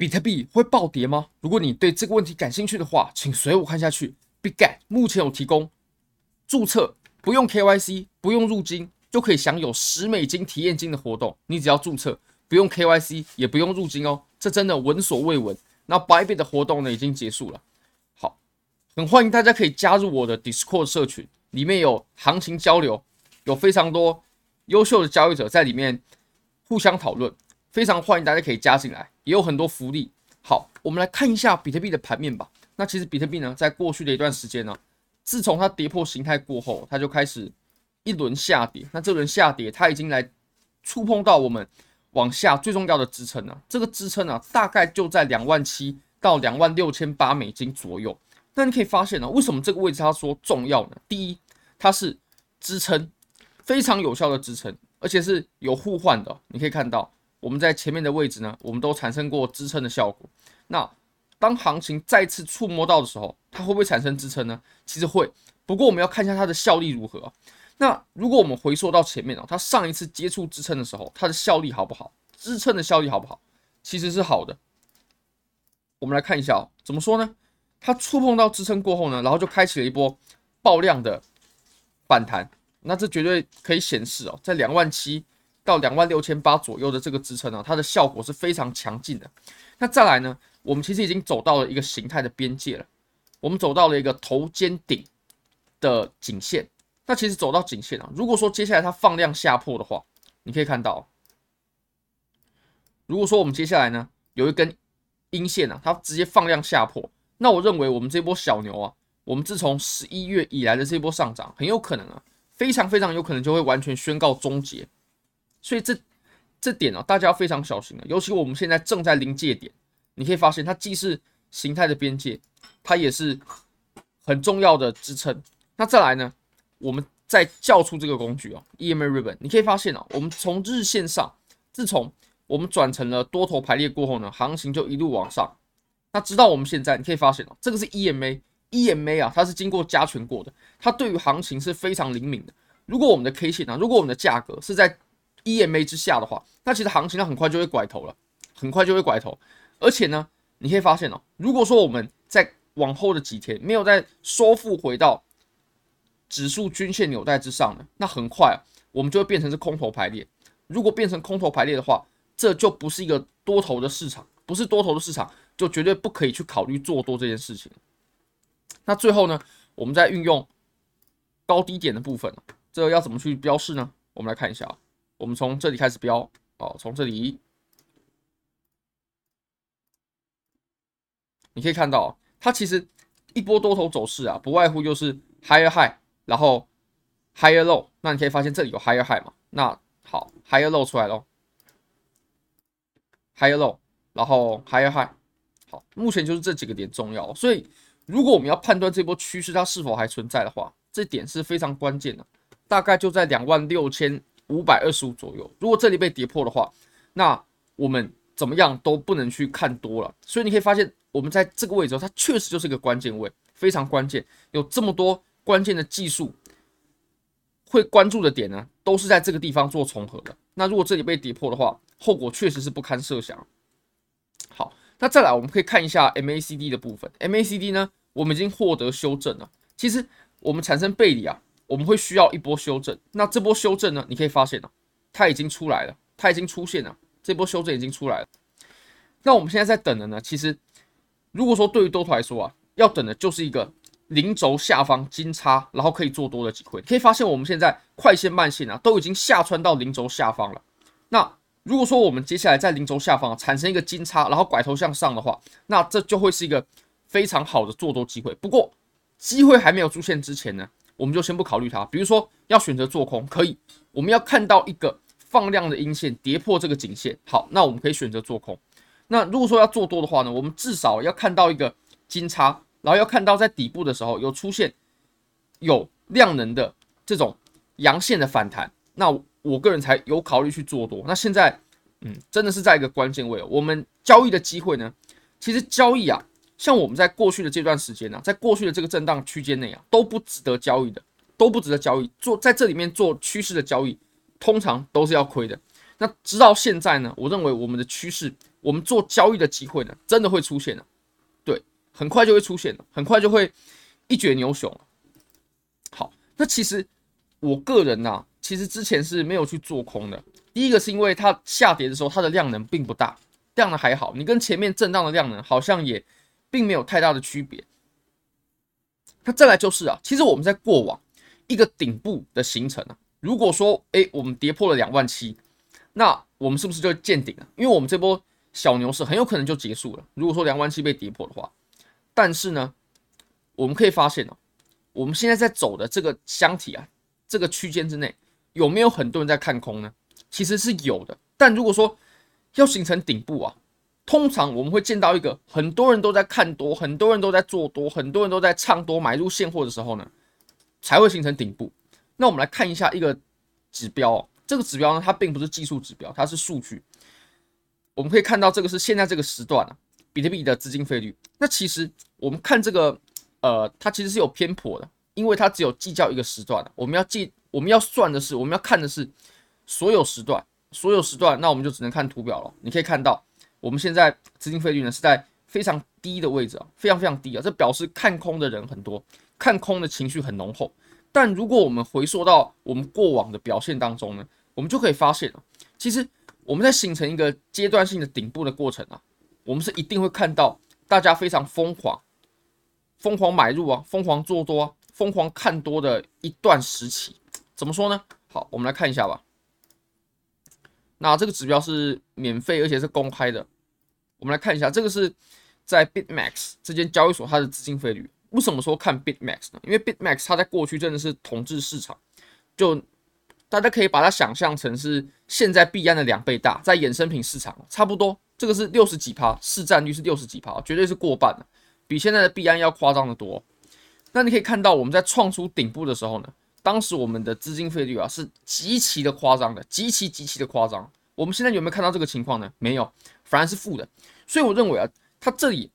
比特幣會暴跌嗎？如果你對這個問題感興趣的話，請隨我看下去。Bitget 目前有提供註冊不用 KYC、不用入金就可以享有十美金體驗金的活動，你只要註冊不用 KYC 也不用入金哦，這真的聞所未聞。那 Bybit 的活動呢已經結束了。好，很歡迎大家可以加入我的 Discord 社群，裡面有行情交流，有非常多優秀的交易者在裡面互相討論。非常歡迎大家可以加進來，也有很多福利。好，我們來看一下比特幣的盤面吧。那其實比特幣呢，在過去的一段時間呢，自從它跌破形態過後，它就開始一輪下跌。那這輪下跌，它已經來觸碰到我們往下最重要的支撐了。這個支撐啊，大概就在兩萬七到兩萬六千八美金左右。那你可以發現呢，為什麼這個位置它說重要呢？第一，它是支撐，非常有效的支撐，而且是有互換的。你可以看到。我們在前面的位置呢，我們都產生過支撐的效果。那當行情再次觸摸到的時候，它會不會產生支撐呢？其實會，不過我們要看一下它的效力如何。那如果我們回溯到前面啊，它上一次接觸支撐的時候，它的效力好不好？支撐的效力好不好？其實是好的。我們來看一下哦，怎麼說呢？它觸碰到支撐過後呢，然後就開啟了一波爆量的反彈。那這絕對可以顯示哦，在兩萬七。到兩萬六千八左右的這個支撐啊，它的效果是非常強勁的。那再來呢，我們其實已經走到了一個形態的邊界了，我們走到了一個頭肩頂的頸線。那其實走到頸線啊，如果說接下來它放量下破的話，你可以看到，如果說我們接下來呢有一根陰線啊，它直接放量下破，那我認為我們這波小牛啊，我們自從十一月以來的這波上漲，很有可能啊，非常非常有可能就會完全宣告終結。所以這這點啊，大家要非常小心了，尤其我們現在正在臨界點。你可以發現，它既是形態的邊界，它也是很重要的支撐。那再來呢，我們再叫出這個工具哦，EMA Ribbon。你可以發現哦，我們從日線上，自從我們轉成了多頭排列過後呢，行情就一路往上。那直到我們現在，你可以發現哦，這個是 EMA，EMA 啊，它是經過加權過的，它對於行情是非常靈敏的。如果我們的 K 線啊，如果我們的價格是在 EMA 之下的話，那其實行情它很快就會拐頭了，很快就會拐頭。而且呢，你可以發現哦，如果說我們在往後的幾天沒有再收復回到指數均線紐帶之上呢，那很快啊，我們就會變成是空頭排列。如果變成空頭排列的話，這就不是一個多頭的市場，不是多頭的市場，就絕對不可以去考慮做多這件事情。那最後呢，我們再運用高低點的部分，這個要怎麼去標示呢？我們來看一下我們從這裡開始標哦，從這裡，你可以看到，它其實一波多頭走勢啊，不外乎就是 higher high，然後 higher low。那你可以發現這裡有 higher high 嘛，那好，higher low 出來咯，higher low，然後 higher high。好，目前就是這幾個點重要，所以如果我們要判斷這波趨勢它是否還存在的話，這點是非常關鍵的，大概就在兩萬六千。五百二十五左右，如果這裡被跌破的話，那我們怎麼樣都不能去看多了。所以你可以發現，我們在這個位置，它確實就是一個關鍵位，非常關鍵。有這麼多關鍵的技術會關注的點呢，都是在這個地方做重合的。那如果這裡被跌破的話，後果確實是不堪設想。好，那再來，我們可以看一下 MACD 的部分。MACD 呢，我們已經獲得修正了。其實我們產生背離啊。我們會需要一波修正，那這波修正呢，你可以發現呢、啊，它已經出來了，它已經出現了，這波修正已經出來了。那我們現在在等的呢，其實，如果說對於多頭來說啊，要等的就是一個零軸下方金叉，然後可以做多的機會。可以發現我們現在快線、慢線啊都已經下穿到零軸下方了。那如果說我們接下來在零軸下方、啊、產生一個金叉，然後拐頭向上的話，那這就會是一個非常好的做多機會。不過，機會還沒有出現之前呢，我們就先不考慮它，比如說要選擇做空，可以，我們要看到一個放量的陰線跌破這個頸線，好，那我們可以選擇做空。那如果說要做多的話呢，我們至少要看到一個金叉，然後要看到在底部的時候有出現有量能的這種陽線的反彈，那我個人才有考慮去做多。那現在，嗯，真的是在一個關鍵位，我們交易的機會呢，其實交易啊。像我們在過去的這段時間呢、啊，在過去的這個震盪區間內啊，都不值得交易的，都不值得交易。做在這裡面做趨勢的交易，通常都是要虧的。那直到現在呢，我認為我們的趨勢，我們做交易的機會呢，真的會出現了，對，很快就會出現的，很快就會一決牛熊。好，那其實我個人呢、啊，其實之前是沒有去做空的。第一個是因為它下跌的時候，它的量能並不大，量能還好，你跟前面震盪的量能好像也。並沒有太大的區別。那再來就是啊，其實我們在過往一個頂部的形成啊，如果說哎、欸、我們跌破了兩萬七，那我們是不是就見頂了？因為我們這波小牛市很有可能就結束了，如果說兩萬七被跌破的話。但是呢，我們可以發現哦、啊，我們現在在走的這個箱體啊，這個區間之內有沒有很多人在看空呢？其實是有的。但如果說要形成頂部啊。通常我們會見到一個很多人都在看多，很多人都在做多，很多人都在唱多，買入現貨的時候呢，才會形成頂部。那我們來看一下一個指標，哦，這個指標呢，它並不是技術指標，它是數據。我們可以看到這個是現在這個時段啊，比特幣的資金費率。那其實我們看這個，呃，它其實是有偏頗的，因為它只有計較一個時段。我們要計，我們要算的是，我們要看的是所有時段，所有時段，那我們就只能看圖表了。你可以看到。我們現在資金費率呢是在非常低的位置啊，非常非常低啊，這表示看空的人很多，看空的情緒很濃厚。但如果我們回溯到我們過往的表現當中呢，我們就可以發現啊，其實我們在形成一個階段性的頂部的過程啊，我們是一定會看到大家非常瘋狂、瘋狂買入啊、瘋狂做多啊、瘋狂看多的一段時期。怎麼說呢？好，我們來看一下吧。那這個指標是免費而且是公開的。我們來看一下，這個是在 BitMax 這間交易所它的資金費率。為什麼說看 BitMax 呢？因為 BitMax 它在過去真的是統治市場，就大家可以把它想象成是現在幣安的兩倍大，在衍生品市場差不多。這個是六十幾趴，市佔率是六十幾趴，絕對是過半的，比現在的幣安要誇張得多。那你可以看到，我們在創出頂部的時候呢，當時我們的資金費率啊是極其的誇張的，極其極其的誇張。我們現在有沒有看到這個情況呢？沒有，反而是負的。所以我認為啊，它這裡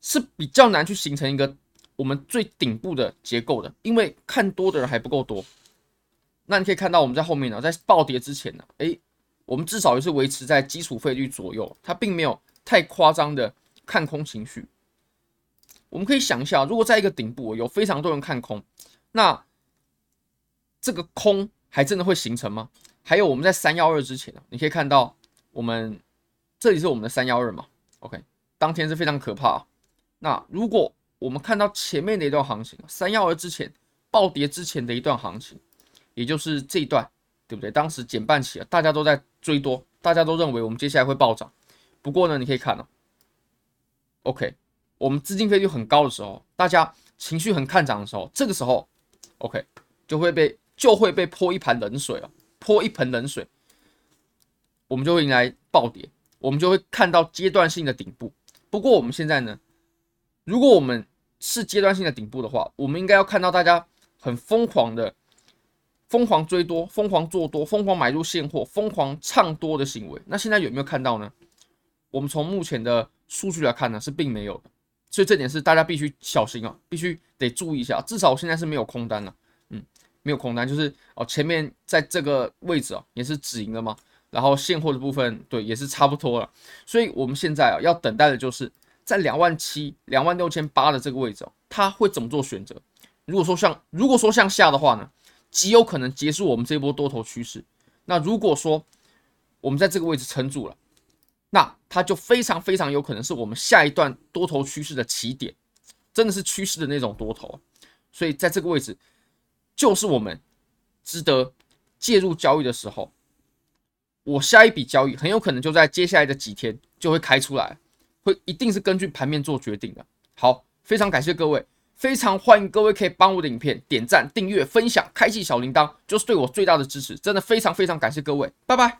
是比較難去形成一個我們最頂部的結構的，因為看多的人還不夠多。那你可以看到我們在後面呢，在暴跌之前呢，誒，我們至少也是維持在基礎費率左右，它並沒有太誇張的看空情緒。我們可以想一下，如果在一個頂部有非常多人看空，那這個空還真的會形成嗎？還有我們在三幺二之前啊，你可以看到我們這裡是我們的三幺二嘛，OK，當天是非常可怕啊。那如果我們看到前面的一段行情，三幺二之前暴跌之前的一段行情，也就是這一段，對不對？當時減半期啊，大家都在追多，大家都認為我們接下來會暴漲。不過呢，你可以看到啊，OK，我們資金費率很高的時候，大家情緒很看漲的時候，這個時候，OK，就會被就會被潑一盆冷水哦。潑一盆冷水，我們就會迎來暴跌，我們就會看到階段性的頂部。不過我們現在呢，如果我們是階段性的頂部的話，我們應該要看到大家很瘋狂的瘋狂追多、瘋狂做多、瘋狂買入現貨、瘋狂唱多的行為。那現在有沒有看到呢？我們從目前的數據來看呢，是並沒有的。所以這點是大家必須小心啊，必須得注意一下。至少我現在是沒有空單了啊。沒有空單就是哦，前面在這個位置哦，也是止盈了嘛。然後現貨的部分對，也是差不多了，所以我們現在啊要等待的就是在兩萬七、兩萬六千八的這個位置哦，它會怎麼做選擇？如果說像，如果說向下的話呢，極有可能結束我們這波多頭趨勢。那如果說我們在這個位置撐住了，那它就非常非常有可能是我們下一段多頭趨勢的起點，真的是趨勢的那種多頭。所以在這個位置。就是我們值得介入交易的時候，我下一筆交易很有可能就在接下來的幾天就會開出來，會一定是根據盤面做決定的。好，非常感謝各位，非常歡迎各位可以幫我的影片點贊、訂閱、分享、開啟小鈴鐺，就是對我最大的支持。真的非常非常感謝各位，拜拜。